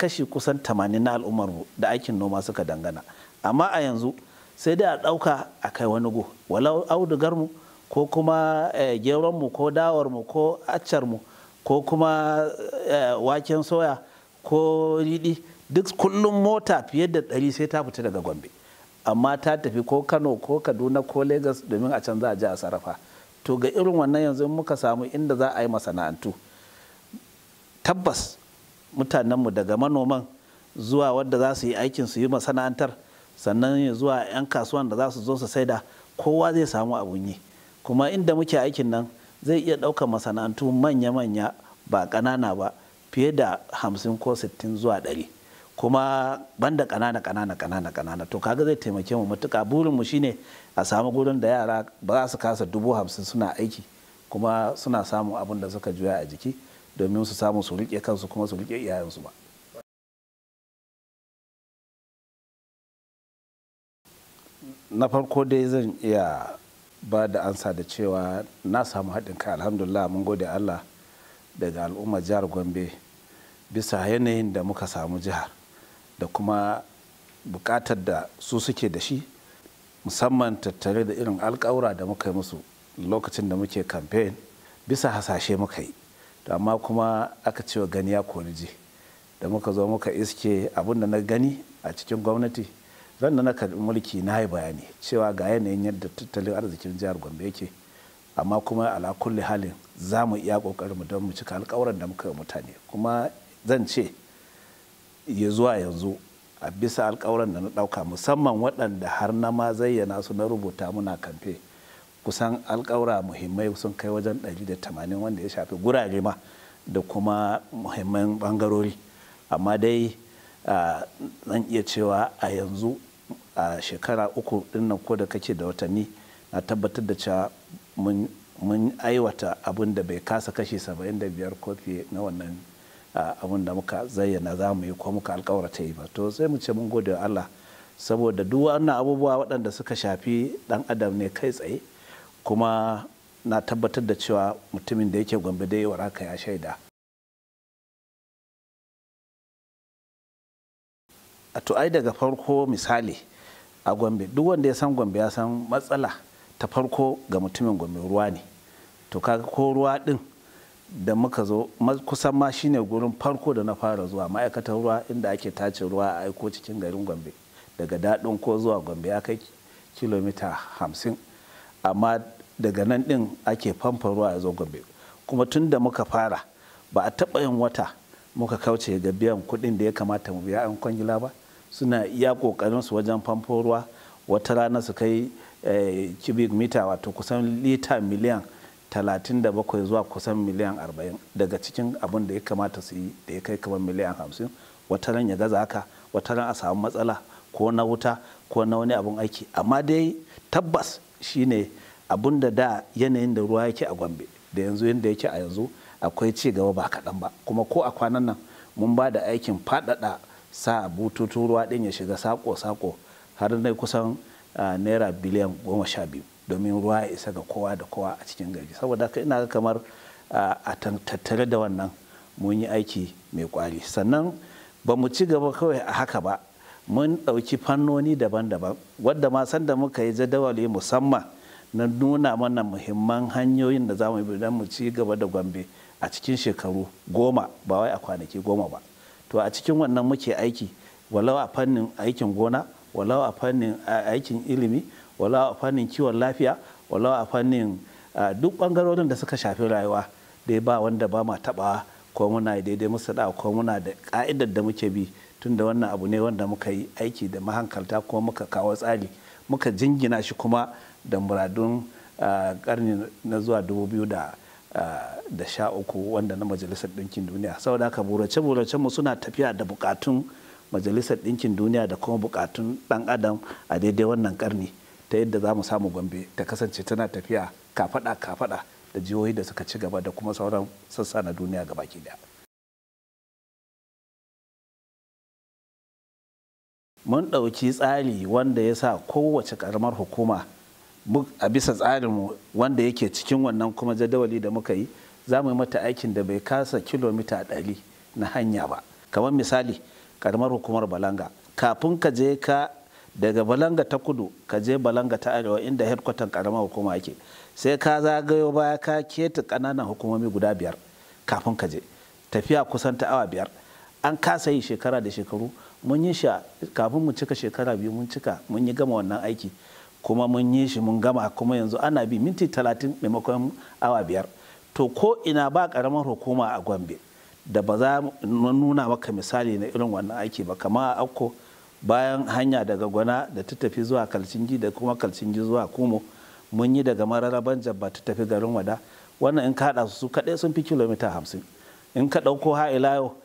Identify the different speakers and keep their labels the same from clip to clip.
Speaker 1: kashi kusan 80 na al'ummar mu da aikin noma suka dangana amma a yanzu sai dai a ɗauka a kai wani go walau audugar mu ko kuma eh, geron mu ko dawar mu ko accar mu ko kuma eh, waken soya ko riɗi duk kullum mota fiye da ɗari sai ta fita daga gombe amma ta tafi ko kano ko kaduna ko Legas domin a can za a ji a sarrafa to ga irin wannan yanzu muka samu inda za a yi masana'antu tabbas mutanenmu daga manoman zuwa wadda za su yi aikin su yi masana'antar sannan zuwa 'yan kasuwan da za su zo su saida kowa zai samu abun yi kuma inda muke aikin nan zai iya ɗaukar masana'antu manya-manya ba ƙanana ba fiye da hamsin ko sittin zuwa ɗari kuma banda ƙanana ƙanana ƙanana ƙanana to kaga zai taimake mu matuƙa burinmu shine a samu gurin da yara ba za su kasa dubu hamsin suna aiki kuma suna samun abin da suka juya a jiki domin su samu su riƙe kansu kuma su riƙe iyayensu ba na farko dai zan iya ba da ansa da cewa na samu haɗin kai alhamdulillah mun gode allah daga al'umma jihar gombe bisa yanayin da muka samu jihar da kuma buƙatar da su suke da shi musamman tattare da irin alƙawura da muka yi musu lokacin da muke kamfen bisa hasashe muka yi amma kuma aka cewa gani ya korije da muka zo muka iske abin da na gani a cikin gwamnati zan da na karbi mulki na yi bayani cewa ga yanayin yadda tattalin arzikin jihar gombe yake amma kuma alakulli halin za mu iya kokarin mu don mu cika alkawuran da muka yi mutane kuma zan ce ya zuwa yanzu a bisa alkawuran da na ɗauka musamman waɗanda har na ma zayyana su na rubuta muna kamfe kusan alƙawura muhimmai sun kai wajen 180 wanda ya shafi gurare ma da kuma muhimman bangarori amma dai zan iya cewa a yanzu a shekara uku dinnan ko da kake da watanni na tabbatar da cewa mun aiwata abin da bai kasa kashi 75 ko fiye na wannan abin da muka zayyana za mu yi ko muka ta yi ba to sai mu ce mun gode Allah saboda duk wannan abubuwa waɗanda suka shafi ɗan adam ne kai tsaye kuma na tabbatar da cewa mutumin da yake gombe dai haka ya shaida a to ai daga farko misali a gombe duk wanda ya san gombe ya san matsala ta farko ga mutumin gombe ruwa ne to kaga ko ruwa din da muka zo kusan ma shine gurin farko da na fara zuwa ma'aikatar ruwa inda ake tace ruwa a aiko cikin garin gombe daga daɗin ko zuwa gombe ya kai kilomita hamsin amma daga nan din ake famfan ruwa a zo gombe kuma tun da muka fara ba a taɓa yin wata muka kauce ga biyan kuɗin da ya kamata mu biya an kwangila ba suna iya ƙoƙarin su wajen famfo ruwa wata rana su kai eh, cubic mita wato kusan lita miliyan 37 zuwa kusan miliyan 40 daga cikin abin da ya kamata su yi da ya kai kamar miliyan 50 wata ran ya gaza haka wata ran a samu matsala ko na wuta ko na wani abin aiki amma dai tabbas shine abun da da yanayin da ruwa yake a gombe da yanzu yadda yake a yanzu akwai ci gaba ba kaɗan ba kuma ko a kwanan nan mun ba da aikin faɗaɗa sa bututun ruwa ɗin ya shiga sako-sako har na kusan naira biliyan goma sha biyu domin ruwa ya isa ga kowa da kowa a cikin gari saboda haka ina kamar a tattare da wannan mun yi aiki mai kwari sannan ba mu ci gaba kawai a haka ba mun ɗauki fannoni daban-daban wadda ma sanda muka yi jadawali musamman na nuna mana muhimman hanyoyin da za mu bi don mu ci gaba da gombe a cikin shekaru goma ba wai a kwanaki goma ba to a cikin wannan muke aiki walau a fannin aikin gona walau a fannin aikin ilimi walau a fannin kiwon lafiya walau a fannin duk bangarorin da suka shafi rayuwa dai ba wanda ba ma taɓawa ko muna daidai musu da ko muna da ka'idar da muke bi tunda wannan abu ne wanda muka yi aiki da mahankalta kuma muka kawo tsari muka jingina shi kuma da muradun karni na zuwa 2013 wanda na majalisar ɗinkin duniya Sau da haka burace-burace mu suna tafiya da bukatun majalisar ɗinkin duniya da kuma bukatun ɗan adam a daidai wannan karni ta yadda za mu samu gombe ta kasance tana tafiya kafada kafada da jihohi da suka ci gaba da kuma sauran sassa na duniya gabaki daya mun ɗauki tsari wanda ya sa kowace ƙaramar hukuma a bisa tsarinmu wanda yake cikin wannan kuma jadawali da muka yi za mu yi mata aikin da bai kasa kilomita ɗari na hanya ba kamar misali ƙaramar hukumar balanga kafin ka je ka daga balanga ta kudu ka je balanga ta arewa inda headquarter ƙaramar hukuma yake sai ka zagayo baya ka keta ƙananan hukumomi guda biyar kafin ka je tafiya kusan ta awa biyar an kasa yi shekara da shekaru mun yi shi kafin mu cika shekara biyu mun cika mun yi gama wannan aiki kuma mun yi shi mun gama kuma yanzu ana bi minti talatin maimakon awa biyar to ko ina ba karamar hukuma a gombe da ba za mu nuna maka misali na irin wannan aiki ba kama a akko bayan hanya daga gwana da ta tafi zuwa kalcinji da kuma kalcinji zuwa kumo mun yi daga mararaban jabba ta tafi garin wada wannan in ka haɗa su kaɗai sun fi kilomita hamsin in ka ɗauko ila yau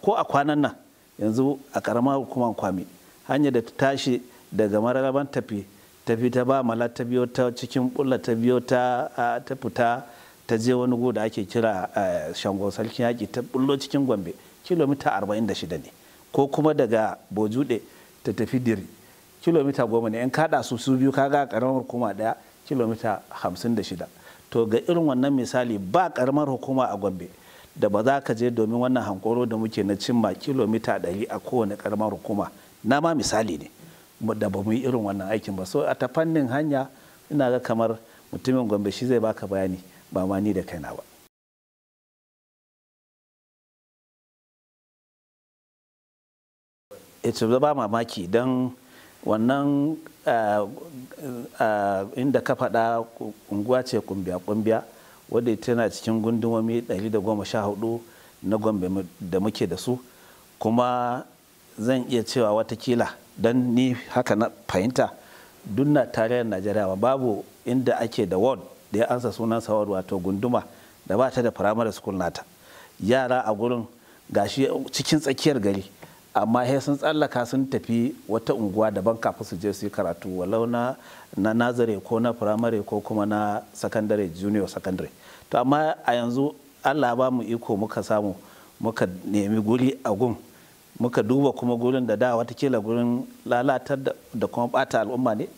Speaker 1: ko a kwanan nan yanzu a karamar hukumar kwami hanyar da ta tashi daga mararaban tafi tafi ta ba mala ta biyo ta cikin bulla ta biyo ta ta fita ta je wani guda da ake kira shango sarkin yaƙi ta bullo cikin gombe kilomita 46 ne ko kuma daga bojude ta tafi diri kilomita goma ne in kada su su biyu kaga karamar hukuma daya kilomita 56 to ga irin wannan misali ba karamar hukuma a gombe da ba za ka je domin wannan hankoro da muke na cimma kilomita ɗari a kowane karamar hukuma na ma misali ne da ba mu yi irin wannan aikin ba so a ta fannin hanya ina ga kamar mutumin gombe shi zai baka bayani ba ma ni da kaina ba ita eh, ba mamaki don wannan eh, eh, inda ka faɗa unguwa ce kumbiya-kumbiya wadda tana cikin gundumomi 114 na gombe da muke da su kuma zan iya cewa watakila don ni haka na fahimta dunna tarayyar najeriya babu inda ake da ward da ya ansa sunan sawar wato gunduma da ba ta da firamare school nata yara a gurin gashi cikin tsakiyar gari amma he sun tsallaka sun tafi wata unguwa daban kafin su je su yi karatu walau na na nazare ko na firamare ko kuma na sakandare junior sakandare to amma a yanzu allah ba mu iko muka samu muka nemi guri a gun muka duba kuma gurin da da wata kila gurin lalatar da kuma bata al'umma ne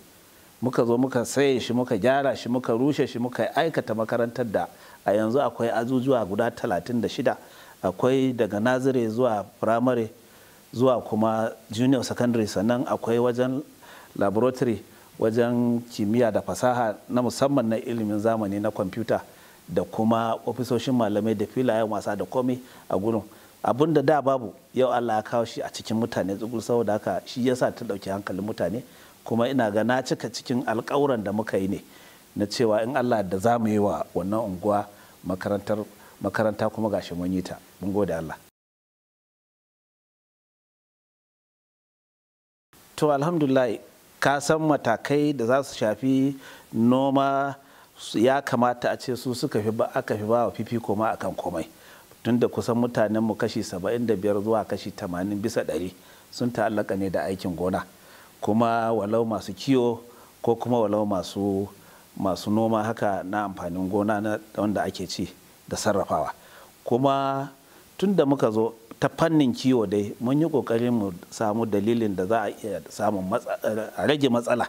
Speaker 1: muka zo muka saye shi muka gyara shi muka rushe shi muka aikata makarantar da a yanzu akwai azuzuwa guda talatin da shida akwai daga nazare zuwa firamare zuwa kuma junior secondary sannan akwai wajen laboratory wajen kimiyya da fasaha na musamman na ilimin zamani na kwamfuta da kuma ofisoshin malamai da filayen wasa da komai a gurin abin da da babu yau allah ya kawo shi a cikin mutane tsugur saboda haka shi yasa ta ɗauki hankalin mutane kuma ina ga na cika cikin alkawuran da muka yi ne na cewa in allah da za mu yi wa wannan unguwa makarantar makaranta kuma gashi mun yi ta mun gode allah to alhamdulillah ka san matakai da za su shafi noma ya kamata a ce su suka fi ba aka fi ba wa koma a akan komai tunda kusan mutanen mu kashi 75 zuwa kashi 80 bisa 100 sun ta'allaka ne da aikin gona kuma walau masu kiwo ko kuma walau masu masu noma haka na amfanin gona na wanda ake ci da sarrafawa kuma tun da muka zo ta fannin kiwo dai mun yi kokarin mu samu dalilin da za a iya samun rage matsala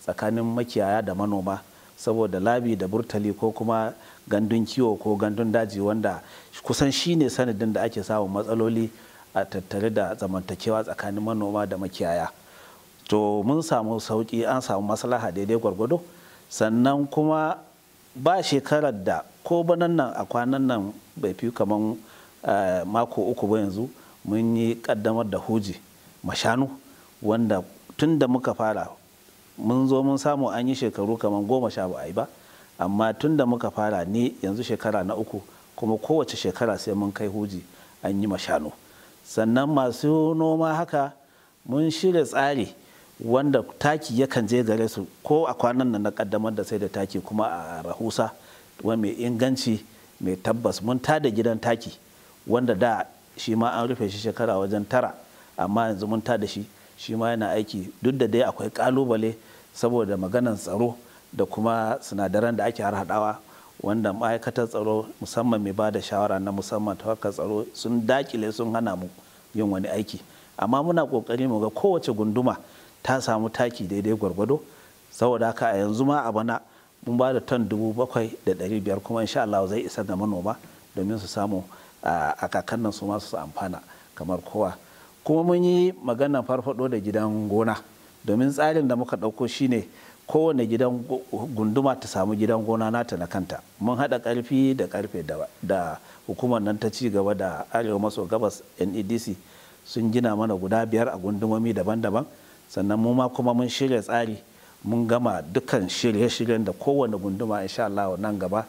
Speaker 1: tsakanin makiyaya da manoma saboda labi da burtali ko kuma gandun kiwo ko gandun daji wanda kusan shi ne sanadin da ake samun matsaloli a tattare da zamantakewa tsakanin manoma da makiyaya to mun samu sauki an samu maslaha daidai gwargwado sannan kuma ba shekarar da ko banan nan a kwanan nan bai fi kamar Eh, mako uku ba yanzu mun yi kaddamar da hoji mashanu wanda tun da muka fara mun zo mun samu an yi shekaru kamar goma sha ba ba amma tun da muka fara ne yanzu shekara na uku kuma kowace shekara sai mun kai hoji an yi mashanu sannan masu noma haka mun shirya tsari wanda taki yakan je gare su ko a kwanan nan na kaddamar da sai da taki kuma a rahusa mai inganci mai tabbas mun tada gidan taki wanda da shi ma an rufe shi shekara wajen tara amma yanzu mun ta da shi shi ma yana aiki duk da dai akwai kalubale saboda maganan tsaro da kuma sinadaran da ake harhaɗawa wanda ma'aikatar tsaro musamman mai ba da shawara na musamman ta harkar tsaro sun dakile sun hana mu yin wani aiki amma muna kokari mu ga kowace gunduma ta samu taki daidai gwargwado saboda haka a yanzu ma a bana mun ba da ton dubu bakwai da ɗari biyar kuma insha Allah zai isa ga manoma domin su samu a kakan nan su masu amfana kamar kowa kuma mun yi maganar farfado da gidan gona domin tsarin da muka ɗauko shine kowane gidan gunduma ta samu gidan gona nata na kanta mun haɗa ƙarfi da ƙarfe da hukumar nan ta ci gaba da arewa maso gabas nedc sun gina mana guda biyar a gundumomi daban-daban sannan mu ma kuma mun shirya tsari mun gama dukkan shirye-shiryen da kowane gunduma insha Allah nan gaba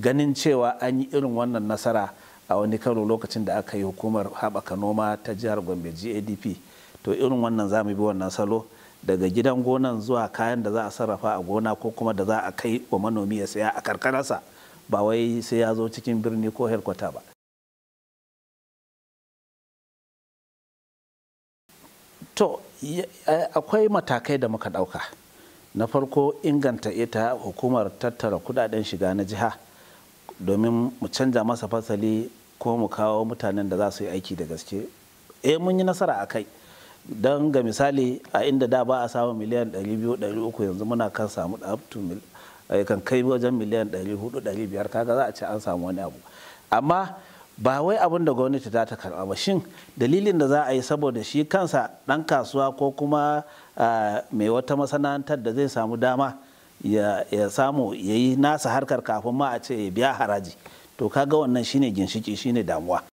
Speaker 1: ganin cewa an yi irin wannan nasara a wani karo lokacin da aka yi hukumar haɓaka noma ta jihar gombe gadp to irin wannan za mu bi wannan salo daga gidan gonan zuwa kayan da za a sarrafa a gona ko kuma da za a kai wa manomi ya saya a karkararsa ba wai sai ya zo cikin birni ko helkwata ba to akwai matakai da muka ɗauka na farko inganta ita hukumar tattara kudaden shiga na jiha domin mu canja masa fasali Ko mu kawo mutanen da za su yi aiki da gaske eh mun yi nasara a kai don ga misali a inda da ba a samu miliyan 200-300 yanzu muna kan samu da eh, kan kai wajen miliyan 400-500 kaga za a ce an samu wani abu amma ba wai abin da gwamnati za ta karba ba shin dalilin da za a yi saboda shi kansa dan kasuwa ko kuma mai wata masana'antar da zai samu dama ya samu ya yi nasa harkar kafin ma a ce ya biya haraji to kaga wannan shine ginshiki shine damuwa